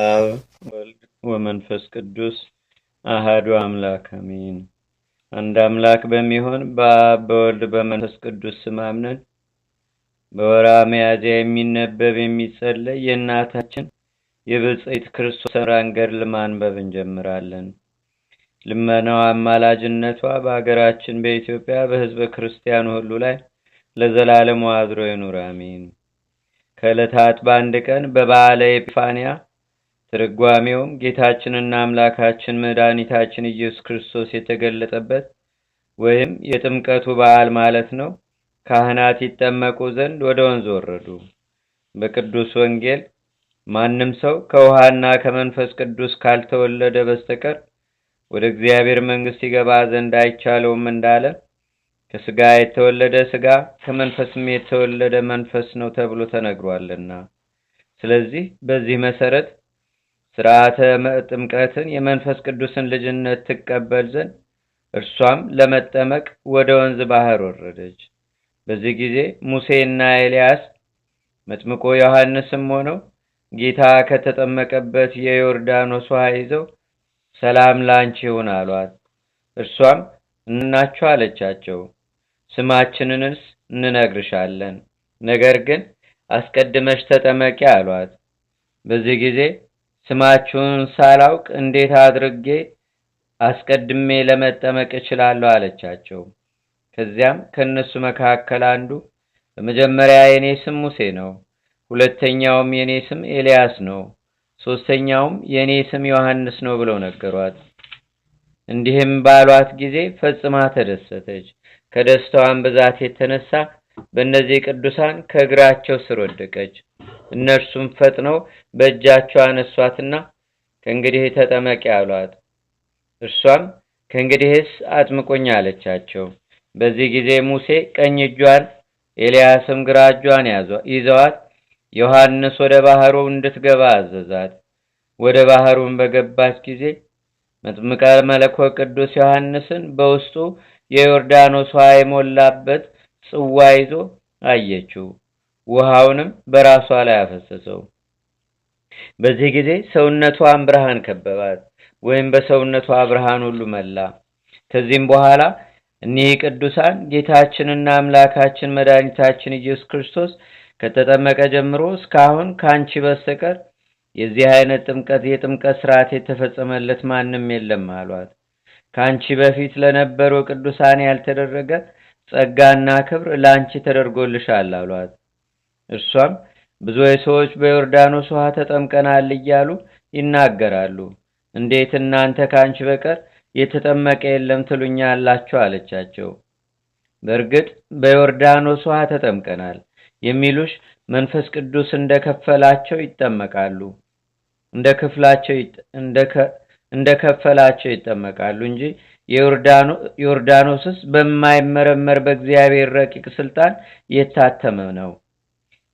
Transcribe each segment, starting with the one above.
አብ ወልድ ወመንፈስ ቅዱስ አህዱ አምላክ አሜን። አንድ አምላክ በሚሆን በአብ በወልድ በመንፈስ ቅዱስ ስም አምነን በወርሃ ሚያዝያ የሚነበብ የሚጸለይ የእናታችን የብጽዕት ክርስቶስ ሰምራን ገድል ማንበብ እንጀምራለን። ልመናዋ አማላጅነቷ በአገራችን በኢትዮጵያ በሕዝበ ክርስቲያኑ ሁሉ ላይ ለዘላለም አድሮ ይኑር አሜን። ከዕለታት በአንድ ቀን በበዓለ ኤጲፋንያ ትርጓሜውም ጌታችንና አምላካችን መድኃኒታችን ኢየሱስ ክርስቶስ የተገለጠበት ወይም የጥምቀቱ በዓል ማለት ነው። ካህናት ይጠመቁ ዘንድ ወደ ወንዝ ወረዱ። በቅዱስ ወንጌል ማንም ሰው ከውሃና ከመንፈስ ቅዱስ ካልተወለደ በስተቀር ወደ እግዚአብሔር መንግሥት ይገባ ዘንድ አይቻለውም እንዳለ ከስጋ የተወለደ ስጋ ከመንፈስም የተወለደ መንፈስ ነው ተብሎ ተነግሯልና። ስለዚህ በዚህ መሰረት ስርዓተ ጥምቀትን የመንፈስ ቅዱስን ልጅነት ትቀበል ዘንድ እርሷም ለመጠመቅ ወደ ወንዝ ባህር ወረደች። በዚህ ጊዜ ሙሴና ኤልያስ መጥምቆ ዮሐንስም ሆነው ጌታ ከተጠመቀበት የዮርዳኖስ ውሃ ይዘው ሰላም ላንቺ ይሁን አሏት። እርሷም እንናችሁ አለቻቸው፣ ስማችንንስ እንነግርሻለን፣ ነገር ግን አስቀድመሽ ተጠመቂ አሏት። በዚህ ጊዜ ስማችሁን ሳላውቅ እንዴት አድርጌ አስቀድሜ ለመጠመቅ እችላለሁ አለቻቸው። ከዚያም ከእነሱ መካከል አንዱ በመጀመሪያ የእኔ ስም ሙሴ ነው፣ ሁለተኛውም የእኔ ስም ኤልያስ ነው፣ ሦስተኛውም የእኔ ስም ዮሐንስ ነው ብለው ነገሯት። እንዲህም ባሏት ጊዜ ፈጽማ ተደሰተች። ከደስታዋን ብዛት የተነሳ በእነዚህ ቅዱሳን ከእግራቸው ስር ወደቀች። እነርሱም ፈጥነው በእጃቸው አነሷትና ከእንግዲህ ተጠመቂ አሏት። እርሷም ከእንግዲህስ አጥምቁኝ አለቻቸው። በዚህ ጊዜ ሙሴ ቀኝ እጇን ኤልያስም ግራ እጇን ይዘዋት ዮሐንስ ወደ ባህሩ እንድትገባ አዘዛት። ወደ ባህሩን በገባች ጊዜ መጥምቀ መለኮ ቅዱስ ዮሐንስን በውስጡ የዮርዳኖስ ውሃ የሞላበት ጽዋ ይዞ አየችው። ውሃውንም በራሷ ላይ አፈሰሰው። በዚህ ጊዜ ሰውነቷን ብርሃን ከበባት፣ ወይም በሰውነቷ ብርሃን ሁሉ መላ። ከዚህም በኋላ እኒህ ቅዱሳን ጌታችንና አምላካችን መድኃኒታችን ኢየሱስ ክርስቶስ ከተጠመቀ ጀምሮ እስካሁን ከአንቺ በስተቀር የዚህ አይነት ጥምቀት የጥምቀት ስርዓት የተፈጸመለት ማንም የለም አሏት። ከአንቺ በፊት ለነበሩ ቅዱሳን ያልተደረገ ጸጋና ክብር ለአንቺ ተደርጎልሻል አሏት። እርሷም ብዙ ሰዎች በዮርዳኖስ ውሃ ተጠምቀናል እያሉ ይናገራሉ፣ እንዴት እናንተ ከአንቺ በቀር የተጠመቀ የለም አላችሁ አለቻቸው። በእርግጥ በዮርዳኖስ ውሃ ተጠምቀናል የሚሉሽ መንፈስ ቅዱስ እንደከፈላቸው ይጠመቃሉ እንደ ከፈላቸው ይጠመቃሉ እንጂ ዮርዳኖስስ በማይመረመር በእግዚአብሔር ረቂቅ ስልጣን የታተመ ነው።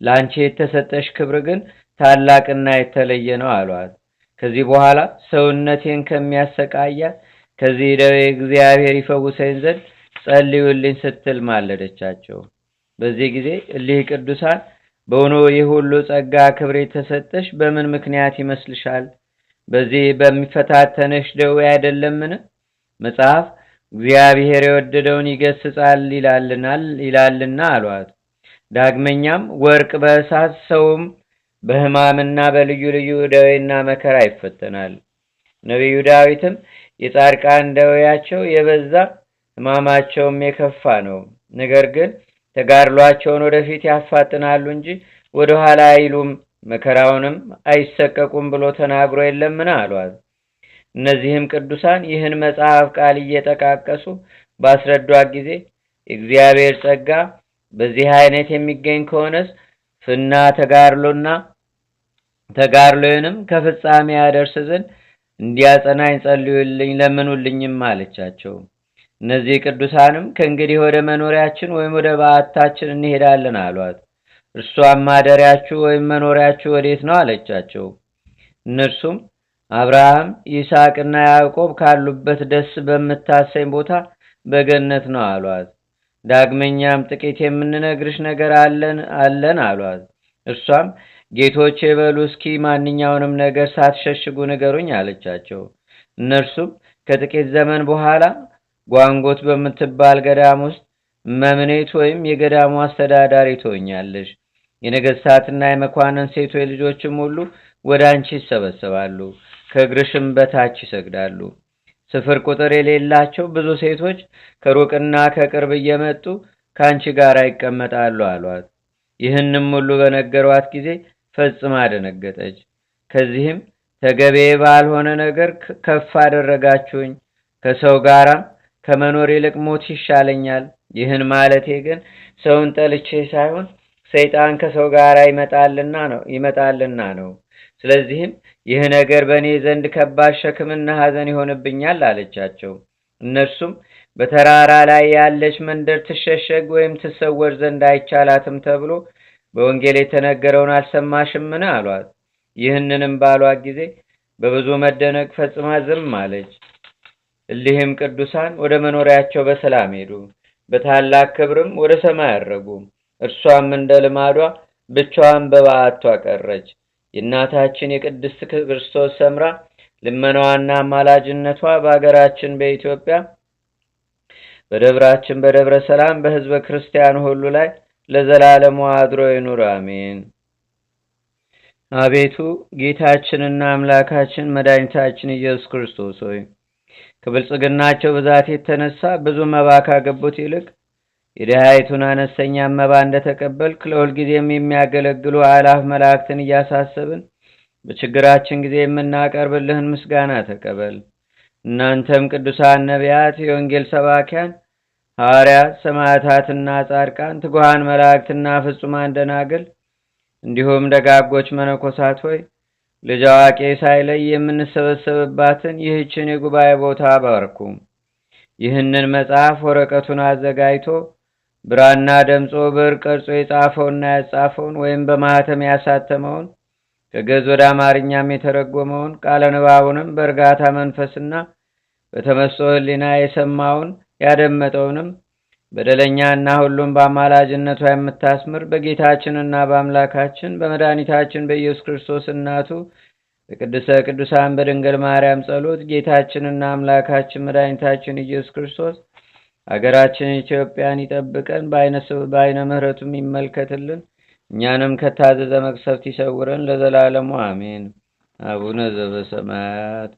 ለአንቺ የተሰጠሽ ክብር ግን ታላቅና የተለየ ነው አሏት። ከዚህ በኋላ ሰውነቴን ከሚያሰቃያት ከዚህ ደዌ እግዚአብሔር ይፈውሰኝ ዘንድ ጸልዩልኝ ስትል ማለደቻቸው። በዚህ ጊዜ እሊህ ቅዱሳን በእውኑ ይህ ሁሉ ጸጋ ክብር የተሰጠሽ በምን ምክንያት ይመስልሻል? በዚህ በሚፈታተንሽ ደዌ አይደለምን? መጽሐፍ እግዚአብሔር የወደደውን ይገስጻል ይላልና አሏት። ዳግመኛም ወርቅ በእሳት ሰውም በሕማምና በልዩ ልዩ ደዌና መከራ ይፈተናል። ነቢዩ ዳዊትም የጻድቃን ደዌያቸው የበዛ ሕማማቸውም የከፋ ነው፣ ነገር ግን ተጋድሏቸውን ወደፊት ያፋጥናሉ እንጂ ወደ ኋላ አይሉም፣ መከራውንም አይሰቀቁም ብሎ ተናግሮ የለምን አሏት። እነዚህም ቅዱሳን ይህን መጽሐፍ ቃል እየጠቃቀሱ ባስረዷት ጊዜ እግዚአብሔር ጸጋ በዚህ አይነት የሚገኝ ከሆነስ ፍና ተጋርሎና ተጋርሎንም ከፍጻሜ ያደርስ ዘንድ እንዲያጸናኝ ጸልዩልኝ፣ ለምኑልኝም አለቻቸው። እነዚህ ቅዱሳንም ከእንግዲህ ወደ መኖሪያችን ወይም ወደ በዓታችን እንሄዳለን አሏት። እርሷም ማደሪያችሁ ወይም መኖሪያችሁ ወዴት ነው አለቻቸው። እነርሱም አብርሃም ይስሐቅና ያዕቆብ ካሉበት ደስ በምታሰኝ ቦታ በገነት ነው አሏት። ዳግመኛም ጥቂት የምንነግርሽ ነገር አለን አለን አሏት። እርሷም ጌቶቼ በሉ እስኪ ማንኛውንም ነገር ሳትሸሽጉ ንገሩኝ አለቻቸው። እነርሱም ከጥቂት ዘመን በኋላ ጓንጎት በምትባል ገዳም ውስጥ መምኔት ወይም የገዳሙ አስተዳዳሪ ትሆኛለሽ። የነገሥታትና የመኳንን ሴቶ ልጆችም ሁሉ ወደ አንቺ ይሰበሰባሉ፣ ከእግርሽም በታች ይሰግዳሉ። ስፍር ቁጥር የሌላቸው ብዙ ሴቶች ከሩቅና ከቅርብ እየመጡ ከአንቺ ጋር ይቀመጣሉ አሏት። ይህንም ሁሉ በነገሯት ጊዜ ፈጽማ ደነገጠች። ከዚህም ተገቢ ባልሆነ ነገር ከፍ አደረጋችሁኝ፣ ከሰው ጋራም ከመኖር ይልቅ ሞት ይሻለኛል። ይህን ማለቴ ግን ሰውን ጠልቼ ሳይሆን ሰይጣን ከሰው ጋር ይመጣልና ነው። ስለዚህም ይህ ነገር በእኔ ዘንድ ከባድ ሸክምና ሐዘን ይሆንብኛል አለቻቸው። እነርሱም በተራራ ላይ ያለች መንደር ትሸሸግ ወይም ትሰወር ዘንድ አይቻላትም ተብሎ በወንጌል የተነገረውን አልሰማሽምን? አሏት። ይህንንም ባሏት ጊዜ በብዙ መደነቅ ፈጽማ ዝም አለች። እሊህም ቅዱሳን ወደ መኖሪያቸው በሰላም ሄዱ፣ በታላቅ ክብርም ወደ ሰማይ አረጉ። እርሷም እንደ ልማዷ ብቻዋን በበዓቷ ቀረች። የእናታችን የቅድስት ክርስቶስ ሰምራ ልመናዋና አማላጅነቷ በአገራችን በኢትዮጵያ በደብራችን በደብረ ሰላም በህዝበ ክርስቲያን ሁሉ ላይ ለዘላለሙ አድሮ ይኑር፣ አሜን። አቤቱ ጌታችንና አምላካችን መድኃኒታችን ኢየሱስ ክርስቶስ ሆይ ከብልጽግናቸው ብዛት የተነሳ ብዙ መባ ካገቡት ይልቅ የድሃይቱን አነስተኛ መባ እንደተቀበልክ ጊዜም የሚያገለግሉ አላፍ መላእክትን እያሳሰብን በችግራችን ጊዜ የምናቀርብልህን ምስጋና ተቀበል። እናንተም ቅዱሳን ነቢያት፣ የወንጌል ሰባኪያን ሐዋርያት፣ ሰማዕታትና ጻድቃን፣ ትጉሃን መላእክትና ፍጹማን ደናግል እንዲሁም ደጋጎች መነኮሳት ሆይ ልጅ አዋቂ ሳይለይ የምንሰበሰብባትን ይህችን የጉባኤ ቦታ አባርኩ። ይህንን መጽሐፍ ወረቀቱን አዘጋጅቶ ብራና ደምጾ ብር ቀርጾ የጻፈውና ያጻፈውን ወይም በማህተም ያሳተመውን ከገዝ ወደ አማርኛም የተረጎመውን ቃለ ንባቡንም በእርጋታ መንፈስና በተመስጦ ህሊና የሰማውን ያደመጠውንም በደለኛና ሁሉም በአማላጅነቷ የምታስምር በጌታችንና በአምላካችን በመድኃኒታችን በኢየሱስ ክርስቶስ እናቱ በቅድስተ ቅዱሳን በድንግል ማርያም ጸሎት ጌታችንና አምላካችን መድኃኒታችን ኢየሱስ ክርስቶስ አገራችን ኢትዮጵያን ይጠብቀን፣ በአይነ ምሕረቱም ይመልከትልን፣ እኛንም ከታዘዘ መቅሰፍት ይሰውረን፣ ለዘላለሙ አሜን። አቡነ ዘበሰማያት